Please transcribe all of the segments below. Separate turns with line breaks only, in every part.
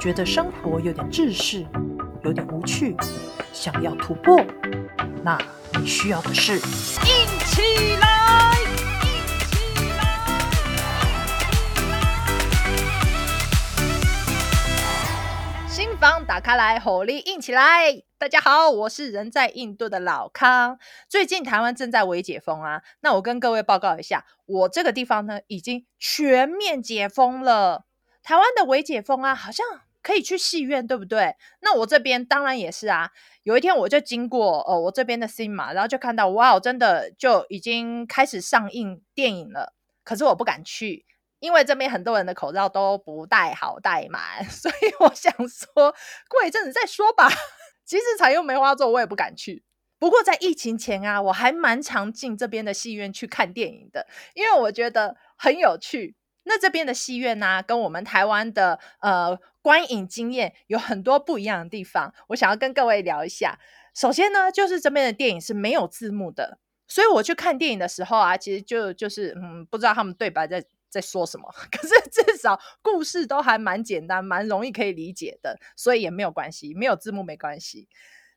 覺得生活有點窒息，有點無趣，想要突破，那你需要的是，印起來！印起來！印起來，新房打開來，火力印起來！大家好，我是人在印度的老康。最近台灣正在微解封啊，那我跟各位報告一下，我這個地方呢已經全面解封了。台灣的微解封啊，好像。可以去戲院，對不對？那我這邊當然也是啊。有一天我就經過哦，我這邊的 cinema，然後就看到哇、哦，真的就已經開始上映電影了。可是我不敢去，因為這邊很多人的口罩都不戴好戴滿，所以我想說過一陣子再說吧。即使採用梅花座，我也不敢去。不過在疫情前啊，我還蠻常進這邊的戲院去看電影的，因為我覺得很有趣。那這邊的戲院呢、啊，跟我們台灣的呃觀影經驗有很多不一樣的地方，我想要跟各位聊一下。首先呢，就是這邊的電影是沒有字幕的，所以我去看電影的時候啊，其實就就是嗯，不知道他們對白在在說什麼。可是至少故事都還蠻簡單，蠻容易可以理解的，所以也沒有關係，沒有字幕沒關係。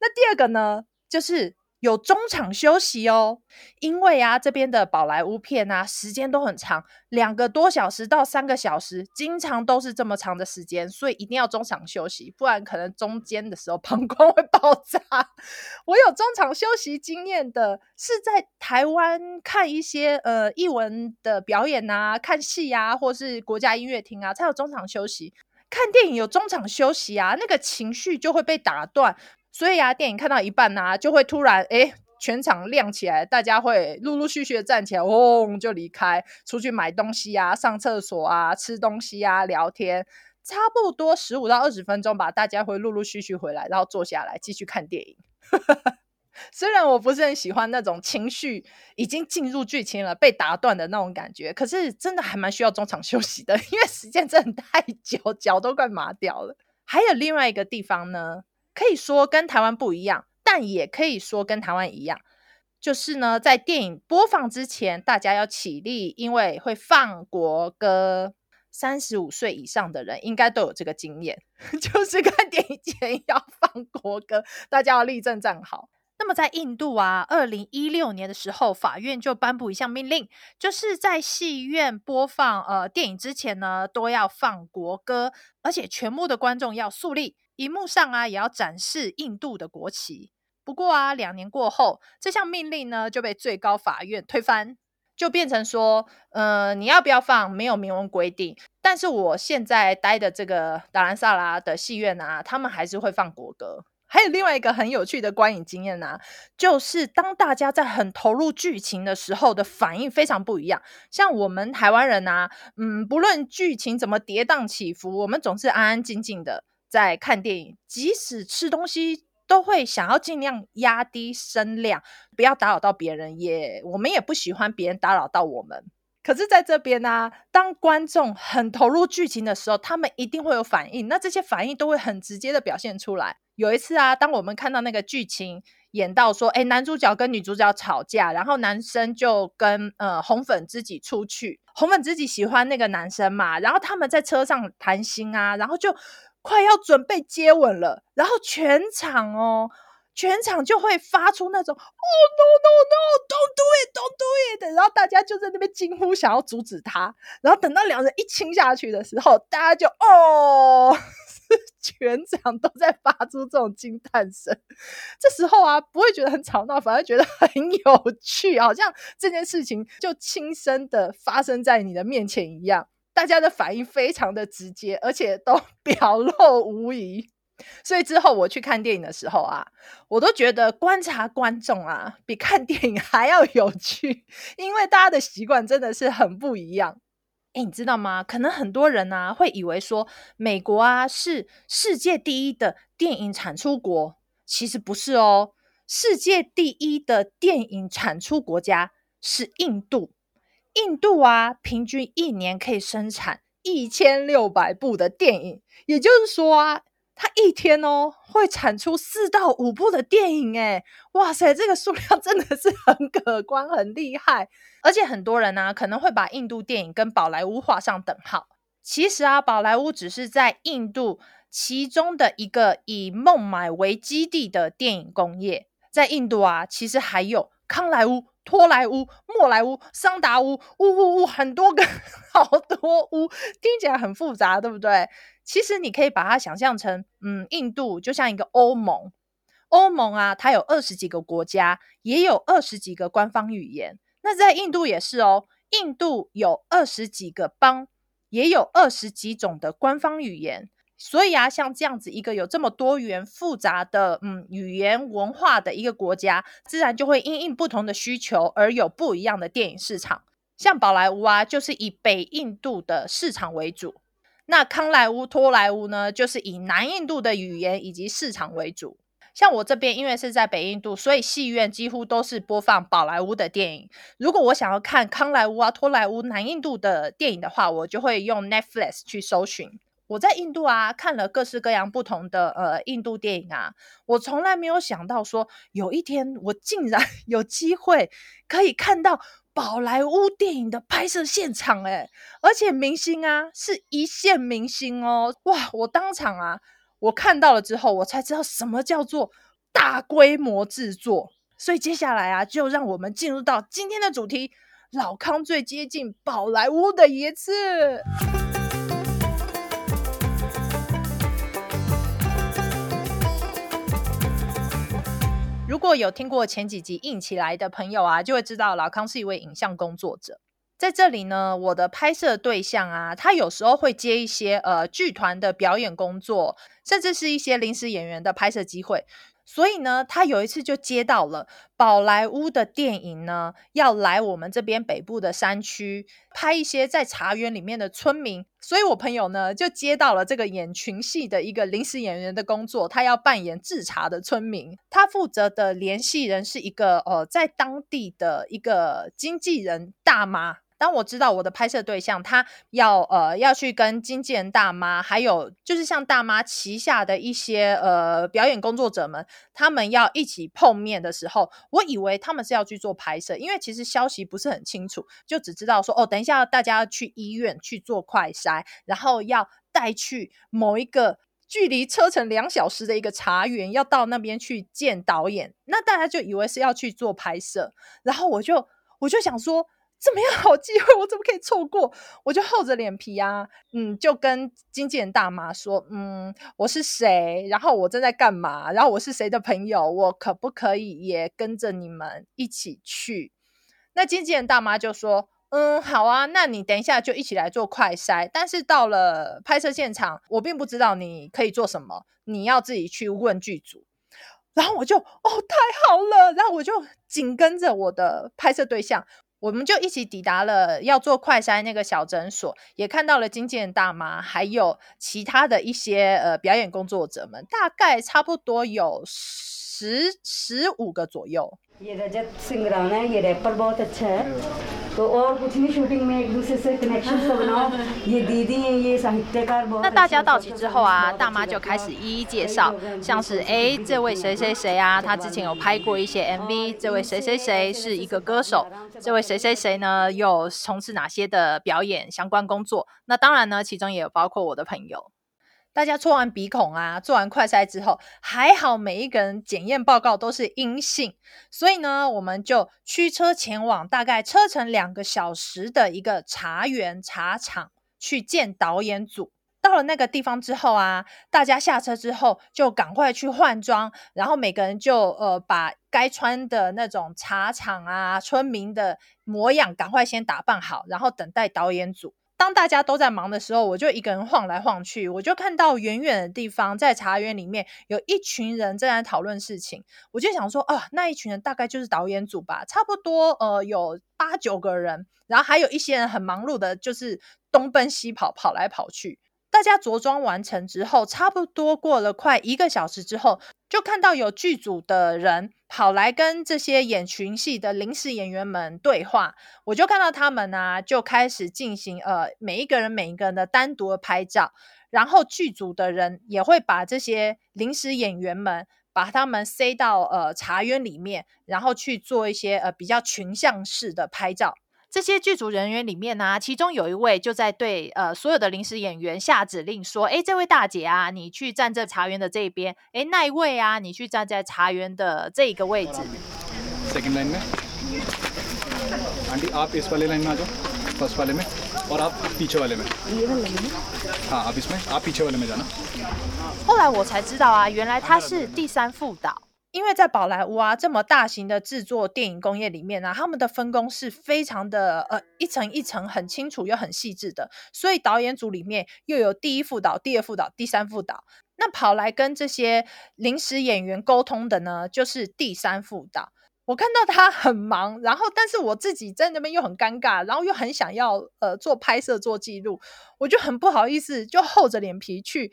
那第二個呢，就是。有中場休息哦，因為啊，這邊的寶萊塢片啊，時間都很長，兩個多小時到三個小時，經常都是這麼長的時間，所以一定要中場休息，不然可能中間的時候膀胱會爆炸。 我有中場休息經驗的是在台灣看一些呃藝文的表演吶、啊，看戲啊，或是國家音樂廳啊，才有中場休息。看電影有中場休息啊，那個情緒就會被打斷。所以呀、啊，電影看到一半啊，就會突然，誒，全場亮起來，大家會陸陸續續的站起來，嗡、哦、就離開，出去買東西呀、啊、上廁所啊、吃東西啊、聊天，差不多十五到二十分鐘吧，大家會陸陸續續，續回來，然後坐下來繼續看電影。 雖然我不是很喜歡那種情緒已經進入劇情了被打斷的那種感覺，可是真的還蠻需要中場休息的，因為時間真的太久，腳都快麻掉了。還有另外一個地方呢。可以說跟台灣不一樣，但也可以說跟台灣一樣，就是呢，在電影播放之前，大家要起立，因為會放國歌。三十五歲以上的人應該都有這個經驗，就是看電影前要放國歌，大家要立正站好。那麼在印度啊，二零一六年的時候，法院就頒布一項命令，就是在戲院播放呃電影之前呢，都要放國歌，而且全部的觀眾要肅立。熒幕上啊，也要展示印度的國旗。不過啊，兩年過後，這項命令呢就被最高法院推翻，就變成說，嗯、呃，你要不要放？沒有明文規定。但是我現在待的這個達蘭薩拉的戲院啊，他們還是會放國歌。還有另外一個很有趣的觀影經驗呢、啊，就是當大家在很投入劇情的時候的反應非常不一樣。像我們台灣人啊，嗯，不論劇情怎麼跌宕起伏，我們總是安安靜靜的。在看電影，即使吃東西都會想要盡量壓低聲量，不要打擾到別人，也我們也不喜歡別人打擾到我們。可是，在這邊呢、啊，當觀眾很投入劇情的時候，他們一定會有反應。那這些反應都會很直接的表現出來。有一次啊，當我們看到那個劇情演到說，哎、欸，男主角跟女主角吵架，然後男生就跟呃紅粉知己出去，紅粉知己喜歡那個男生嘛，然後他們在車上談心啊，然後就。快要準備接吻了，然後全場哦，全場就會發出那種“哦、oh，no no no，don't do it，don't do it” 然後大家就在那邊驚呼，想要阻止他。然後等到兩人一親下去的時候，大家就哦，oh! 全場都在發出這種驚嘆聲。這時候啊，不會覺得很吵鬧，反而覺得很有趣，好像這件事情就親身的發生在你的面前一樣。大家的反應非常的直接，而且都表露無遺。所以之後我去看電影的時候啊，我都覺得觀察觀眾啊，比看電影還要有趣，因為大家的習慣真的是很不一樣。欸，你知道嗎？可能很多人啊，會以為說美國啊是世界第一的電影產出國，其實不是哦，世界第一的電影產出國家是印度。印度啊，平均一年可以生產一千六百部的電影，也就是說啊，它一天哦會產出四到五部的電影欸，哎，哇塞，這個數量真的是很可觀，很厲害。而且很多人呢、啊，可能會把印度電影跟寶萊塢畫上等號，其實啊，寶萊塢只是在印度其中的一個以孟買為基地的電影工業，在印度啊，其實還有康萊塢、托萊塢、莫萊塢、桑達塢，嗚嗚嗚，很多個，好多塢，聽起來很複雜，對不對？其實你可以把它想象成，嗯，印度就像一個歐盟，歐盟啊，它有二十幾個國家，也有二十幾個官方語言。那在印度也是哦，印度有二十幾個邦，也有二十幾種的官方語言。所以啊，像這樣子一個有這麼多元複雜的，嗯，語言文化的一個國家，自然就會因應不同的需求而有不一樣的電影市場。像寶萊塢啊，就是以北印度的市場為主；那康萊塢、托萊塢呢，就是以南印度的語言以及市場為主。像我這邊因為是在北印度，所以戲院幾乎都是播放寶萊塢的電影。如果我想要看康萊塢啊、托萊塢南印度的電影的話，我就會用 Netflix 去搜尋。我在印度啊看了各式各樣不同的呃印度電影啊，我從來沒有想到說有一天我竟然有機會可以看到寶萊塢電影的拍攝現場誒、欸。而且明星啊是一線明星哦、喔、哇！我當場啊我看到了之後，我才知道什麼叫做大規模製作。所以接下來啊，就讓我們進入到今天的主題，老康最接近寶萊塢的一次。如果有聽過前幾集印起來的朋友啊，就會知道老康是一位影像工作者。在這裡呢，我的拍攝對象啊，他有時候會接一些呃劇團的表演工作，甚至是一些臨時演員的拍攝機會。所以呢，他有一次就接到了寶萊塢的電影呢，要來我們這邊北部的山區拍一些在茶園裡面的村民。所以我朋友呢，就接到了這個演群戲的一個臨時演員的工作，他要扮演製茶的村民。他負責的聯繫人是一個哦、呃，在當地的一個經紀人大媽。當我知道我的拍攝對象他要呃要去跟經紀人大媽，還有就是像大媽旗下的一些呃表演工作者們，他們要一起碰面的時候，我以為他們是要去做拍攝，因為其實消息，不是很清楚，就只知道說哦，等一下大家要去醫院去做快篩，然後要帶去某一個距離車程兩小時的一個茶園，要到那邊去見導演，那大家就以為是要去做拍攝，然後我就我就想說。怎麼樣好機會，我怎麼可以錯過？我就厚着臉皮啊，嗯，就跟經紀人大媽說，嗯，我是誰，然後我正在幹嘛，然後我是誰的朋友，我可不可以也跟着你們一起去？那經紀人大媽就說，嗯，好啊，那你等一下就一起來做快篩。但是到了拍攝現場，我並不知道你可以做什麼，你要自己去問劇組。然後我就，哦，太好了！然後我就緊跟着我的拍攝對象。我們就一起抵達了要做快篩那個小診所，也看到了金健大媽，還有其他的一些呃表演工作者們，大概差不多有十十五個左右。 那大家到齊之後啊，大媽就開始一一介紹，像是哎，這位誰誰誰啊，他之前有拍過一些 MV，這位誰誰誰是一個歌手，這位誰誰誰呢，又從事哪些的表演相關工作，那當然呢，其中也有包括我的朋友。大家搓完鼻孔啊，做完快篩之後，還好每一個人檢驗報告都是陰性，所以呢，我們就驅車前往大概車程兩個小時的一個茶園茶廠去見導演組。到了那個地方之後啊，大家下車之後就趕快去換裝，然後每個人就呃把該穿的那種茶廠啊、村民的模樣趕快先打扮好，然後等待導演組。當大家都在忙的時候，我就一個人晃來晃去。我就看到遠遠的地方，在茶園裡面有一群人正在討論事情。我就想說，啊、哦，那一群人大概就是導演組吧，差不多，呃，有八九個人。然後還有一些人很忙碌的，就是東奔西跑，跑來跑去。大家着裝完成之後，差不多過了快一個小時之後，就看到有劇組的人跑來跟這些演群戲的臨時演員們對話。我就看到他們呢、啊，就開始進行呃，每一個人每一個人的單獨的拍照。然後劇組的人也會把這些臨時演員們把他們塞到呃茶園裡面，然後去做一些呃比較群像式的拍照。這些劇組人員裡面呢、啊，其中有一位就在對呃所有的臨時演員下指令說：“哎、欸，這位大姐啊，你去站在茶園的這一邊；哎、欸，那一位啊，你去站在茶園的這一個位置。啊輪輪啊啊”後來我才知道啊，原來他是第三副導。因為在寶萊塢啊這麼大型的制作電影工業裡面呢啊，他們的分工是非常的呃一層一層很清楚又很細緻的，所以導演組裡面又有第一副導、第二副導、第三副導。那跑來跟這些臨時演員溝通的呢，就是第三副導。我看到他很忙，然後但是我自己在那邊又很尷尬，然後又很想要呃做拍攝做記錄，我就很不好意思，就厚着臉皮去。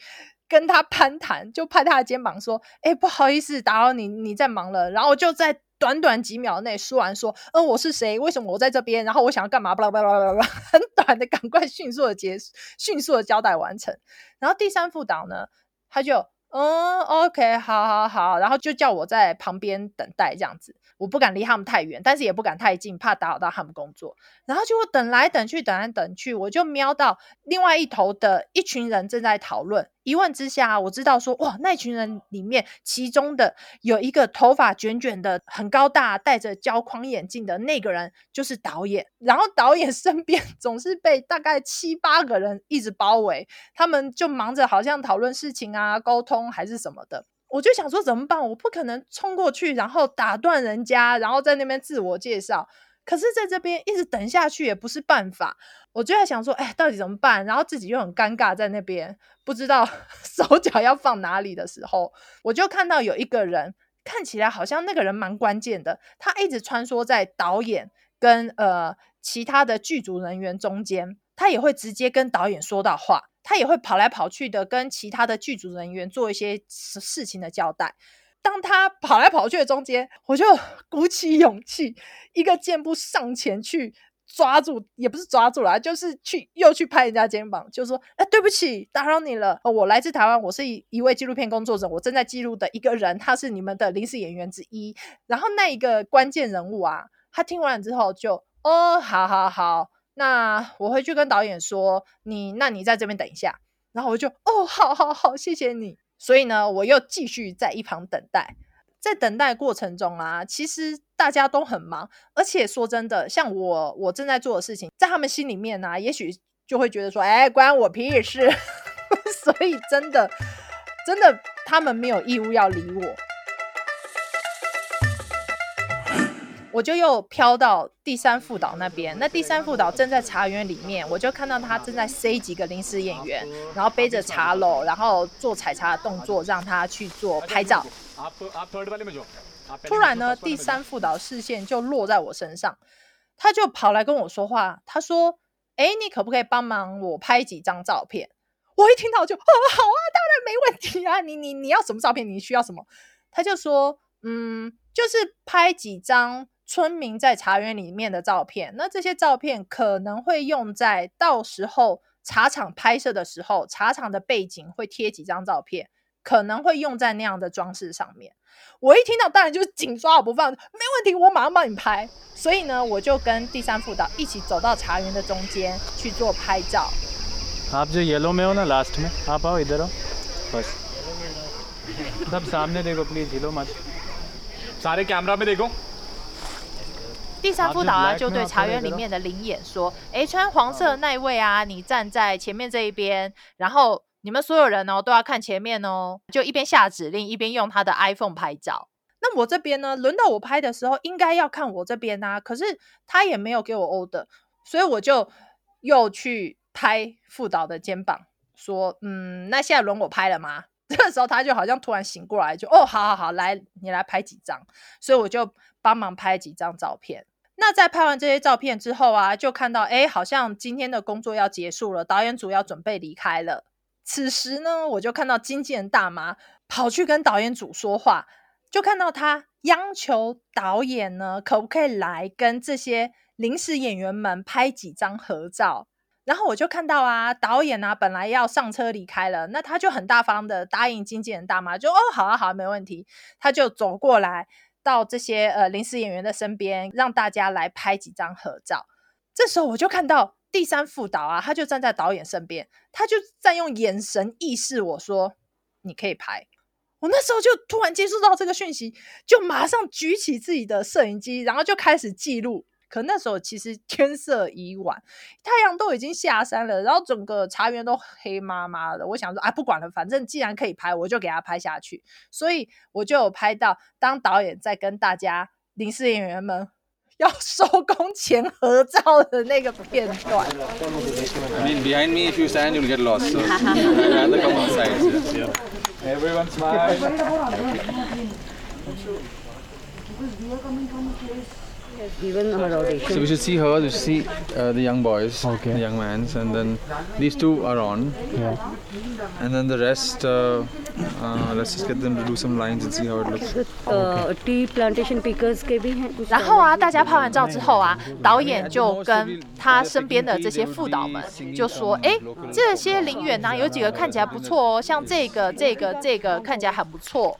跟他攀談，就拍他的肩膀說：“欸，不好意思打擾你，你在忙了。”然後我就在短短幾秒內說完說：“呃，我是誰？為什麼我在這邊？然後我想要幹嘛？”巴拉巴拉巴拉巴拉，很短的，趕快迅速的結束，迅速的交代完成。然後第三副導呢，他就：“嗯，OK，好，好，好。”然後就叫我在旁邊等待，這樣子，我不敢離他們太遠，但是也不敢太近，怕打擾到他們工作。然後就等來等去，等來等去，我就瞄到另外一頭的一群人正在討論。一問之下，我知道說，哇，那群人裡面，其中的有一個頭髮捲捲的、很高大、戴着膠框眼鏡的那個人就是導演。然後導演身邊總是被大概七八個人一直包圍，他們就忙着好像討論事情啊、溝通還是什麼的。我就想說怎麼辦？我不可能衝過去，然後打斷人家，然後在那邊自我介紹。可是，在這邊一直等下去也不是辦法，我就在想說，哎，到底怎麼辦？然後自己又很尷尬，在那邊不知道手腳要放哪裡的時候，我就看到有一個人，看起來好像那個人蠻關鍵的。他一直穿梭在導演跟呃其他的劇組人員中間，他也會直接跟導演說到話，他也會跑來跑去的跟其他的劇組人員做一些事情的交代。當他跑來跑去的中間，我就鼓起勇氣，一個箭步上前去抓住，也不是抓住了，就是去又去拍人家肩膀，就說：“哎、欸，對不起，打擾你了。哦。我來自台灣，我是一一位紀錄片工作者，我正在記錄的一個人，他是你們的臨時演員之一。然後那一個關鍵人物啊，他聽完了之後就哦，好好好，那我回去跟導演說，你那你在這邊等一下。然後我就哦，好好好，謝謝你。”所以呢，我又繼續在一旁等待。在等待過程中啊，其實大家都很忙，而且說真的，像我我正在做的事情，在他們心裡面啊，也許就會覺得說：“哎、欸，關我屁事。 ”所以，真的，真的，他們沒有義務要理我。我就又飄到第三副導那邊，那第三副導正在茶園裡面，我就看到他正在塞幾個臨時演員，然後背着茶簍，然後做採茶動作，讓他去做拍照。突然呢，第三副導視線就落在我身上，他就跑來跟我說話，他說：“哎、欸，你可不可以幫忙我拍幾張照片？”我一聽到我就：“哦，好啊，當然沒問題啊！你你你要什麼照片？你需要什麼？”他就說：“嗯，就是拍幾張。”村民在茶園裡面的照片，那這些照片可能會用在到時候茶廠拍攝的時候，茶廠的背景會貼幾張照片，可能會用在那樣的裝飾上面。我一聽到，當然就是緊抓我不放，沒問題，我馬上幫你拍。所以呢，我就跟第三副導一起走到茶園的中間去做拍照。yellow last f s please camera 第三副導啊，就對茶園裡面的臨演說：“誒、欸，穿黃色的那位啊，你站在前面這一邊，然後你們所有人哦，都要看前面哦。”就一邊下指令，一邊用他的 iPhone 拍照。那我這邊呢，輪到我拍的時候，應該要看我這邊吶、啊。可是他也沒有給我 order，所以我就又去拍副導的肩膀，說：“嗯，那現在輪我拍了嗎？”這 個時候他就好像突然醒過來，就：“哦，好好好，來，你來拍幾張。”所以我就幫忙拍幾張照片。那在拍完這些照片之後啊，就看到哎、欸，好像今天的工作要結束了，導演組要準備離開了。此時呢，我就看到經紀人大媽跑去跟導演組說話，就看到他央求導演呢，可不可以來跟這些臨時演員們拍幾張合照。然後我就看到啊，導演啊，本來要上車離開了，那他就很大方的答應經紀人大媽，就哦，好啊，好啊，沒問題。他就走過來。到這些呃臨時演員的身邊，讓大家來拍幾張合照。這時候我就看到第三副導啊，他就站在導演身邊，他就在用眼神示意我說：“你可以拍。”我那時候就突然接收到這個訊息，就馬上舉起自己的攝影機，然後就開始記錄。可那時候其實天色已晚，太陽都已經下山了，然後整個茶園都黑麻麻的。我想說，哎、啊，不管了，反正既然可以拍，我就給他拍下去。所以我就有拍到當導演在跟大家臨時演員們要收工前合照的那個片段。behind me if you stand you'll get lost. Everyone smile. 然後啊，大家拍完照之後啊，導演就跟他身邊的這些副導們就說：“哎，這些臨演呢、啊、有幾個看起來不錯哦，像這個、這個、這個，看起來很不錯。”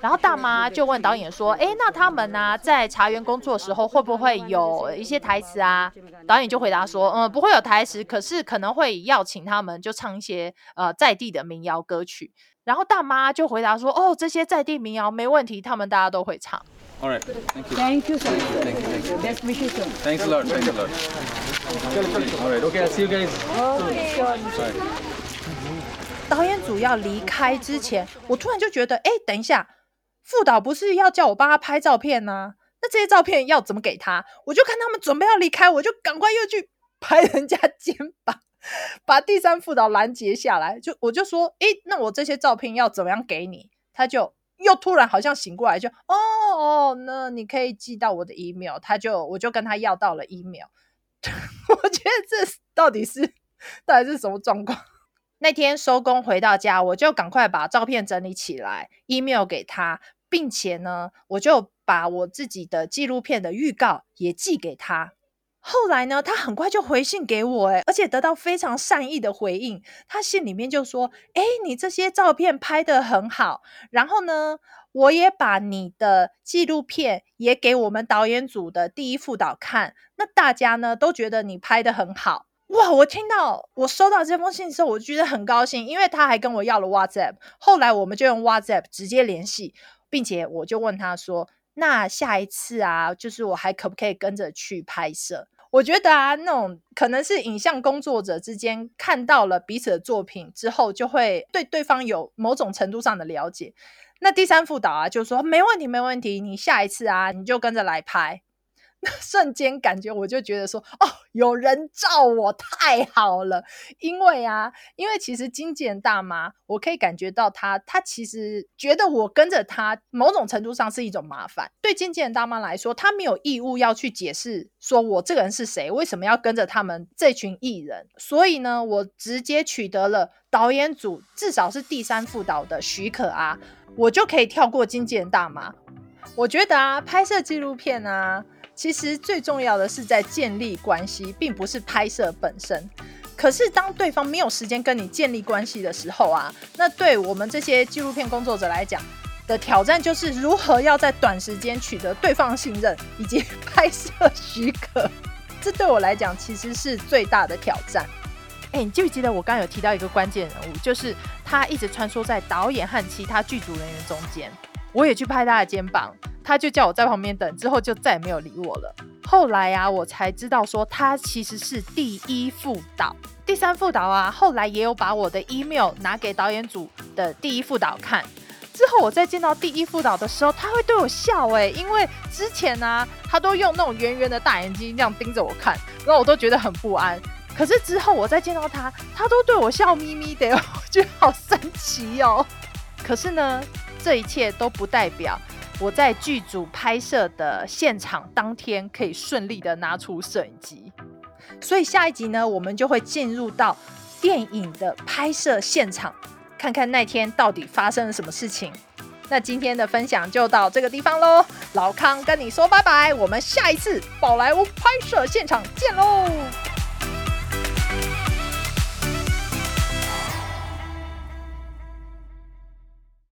然後大媽就問導演說：“哎，那他們呢、啊，在茶園工作時候會不會有一些台詞啊？”導演就回答說：“嗯，不會有台詞，可是可能會邀請他們就唱一些呃在地的民謠歌曲。”然後大媽就回答說：“哦，這些在地民謠沒問題，他們大家都會唱。” All right, thank you. Thank you, sir. Thank you, thank you, thank you. Best wishes. Thanks a lot. Thanks a lot. All right, okay. I'll see you guys.
好的，
謝謝。導演主要離開之前，我突然就覺得，哎，等一下。副導不是要叫我幫他拍照片吶、啊？那這些照片要怎麼給他？我就看他們準備要離開，我就趕快又去拍人家肩膀，把第三副導攔截下來。就我就說：“哎、欸，那我這些照片要怎麼樣給你？”他就又突然好像醒過來，就：“哦哦，那你可以寄到我的 email。”他就我就跟他要到了 email。 我覺得這到底是到底是什麼狀況？ 那天收工回到家，我就趕快把照片整理起來，email 給他。並且呢，我就把我自己的紀錄片的預告也寄給他。後來呢，他很快就回信給我、欸，而且得到非常善意的回應。他信裡面就說：“誒、欸、你這些照片拍得很好。”然後呢，我也把你的紀錄片也給我們導演組的第一副導看。那大家呢都覺得你拍得很好！哇，我聽到我收到這封信之後，我就覺得很高興，因為他還跟我要了 WhatsApp。後來我們就用 WhatsApp 直接聯繫。並且我就問他說：“那下一次啊，就是我還可不可以跟着去拍攝？”我覺得啊，那種可能是影像工作者之間看到了彼此的作品之後，就會對對方有某種程度上的了解。那第三副導啊，就是說：“沒問題，沒問題，你下一次啊，你就跟着來拍。”瞬間感覺，我就覺得說，哦，有人罩我太好了。因為啊，因為其實經紀人大媽，我可以感覺到她。她其實覺得我跟着她某種程度上是一種麻煩。對經紀人大媽來說，她沒有義務要去解釋說我這個人是誰，為什麼要跟着他們這群藝人。所以呢，我直接取得了導演組，至少是第三副導的許可啊，我就可以跳過經紀人大媽。我覺得啊，拍攝紀錄片啊。其實最重要的是在建立關係，並不是拍攝本身。可是當對方沒有時間跟你建立關係的時候啊，那對我們這些紀錄片工作者來講的挑戰就是如何要在短時間取得對方信任以及拍攝許可。這對我來講其實是最大的挑戰。哎、欸，你記不記得我剛剛有提到一個關鍵人物，就是他一直穿梭在導演和其他劇組人員中間，我也去拍他的肩膀。他就叫我在旁邊等，之後就再也沒有理我了。後來啊，我才知道說他其實是第一副導，第三副導啊。後來也有把我的 email 拿給導演組的第一副導看。之後我再見到第一副導的時候，他會對我笑。哎、欸，因為之前呢、啊，他都用那種圓圓的大眼睛這樣盯着我看，然後我都覺得很不安。可是之後我再見到他，他都對我笑眯眯的，我覺得好神奇哦、喔。可是呢，這一切都不代表。我在劇組拍攝的現場，當天可以順利的拿出攝影機，所以下一集呢，我們就會進入到電影的拍攝現場，看看那天到底發生了什麼事情。那今天的分享就到這個地方嘍，老康跟你說拜拜，我們下一次寶萊塢拍攝現場見嘍。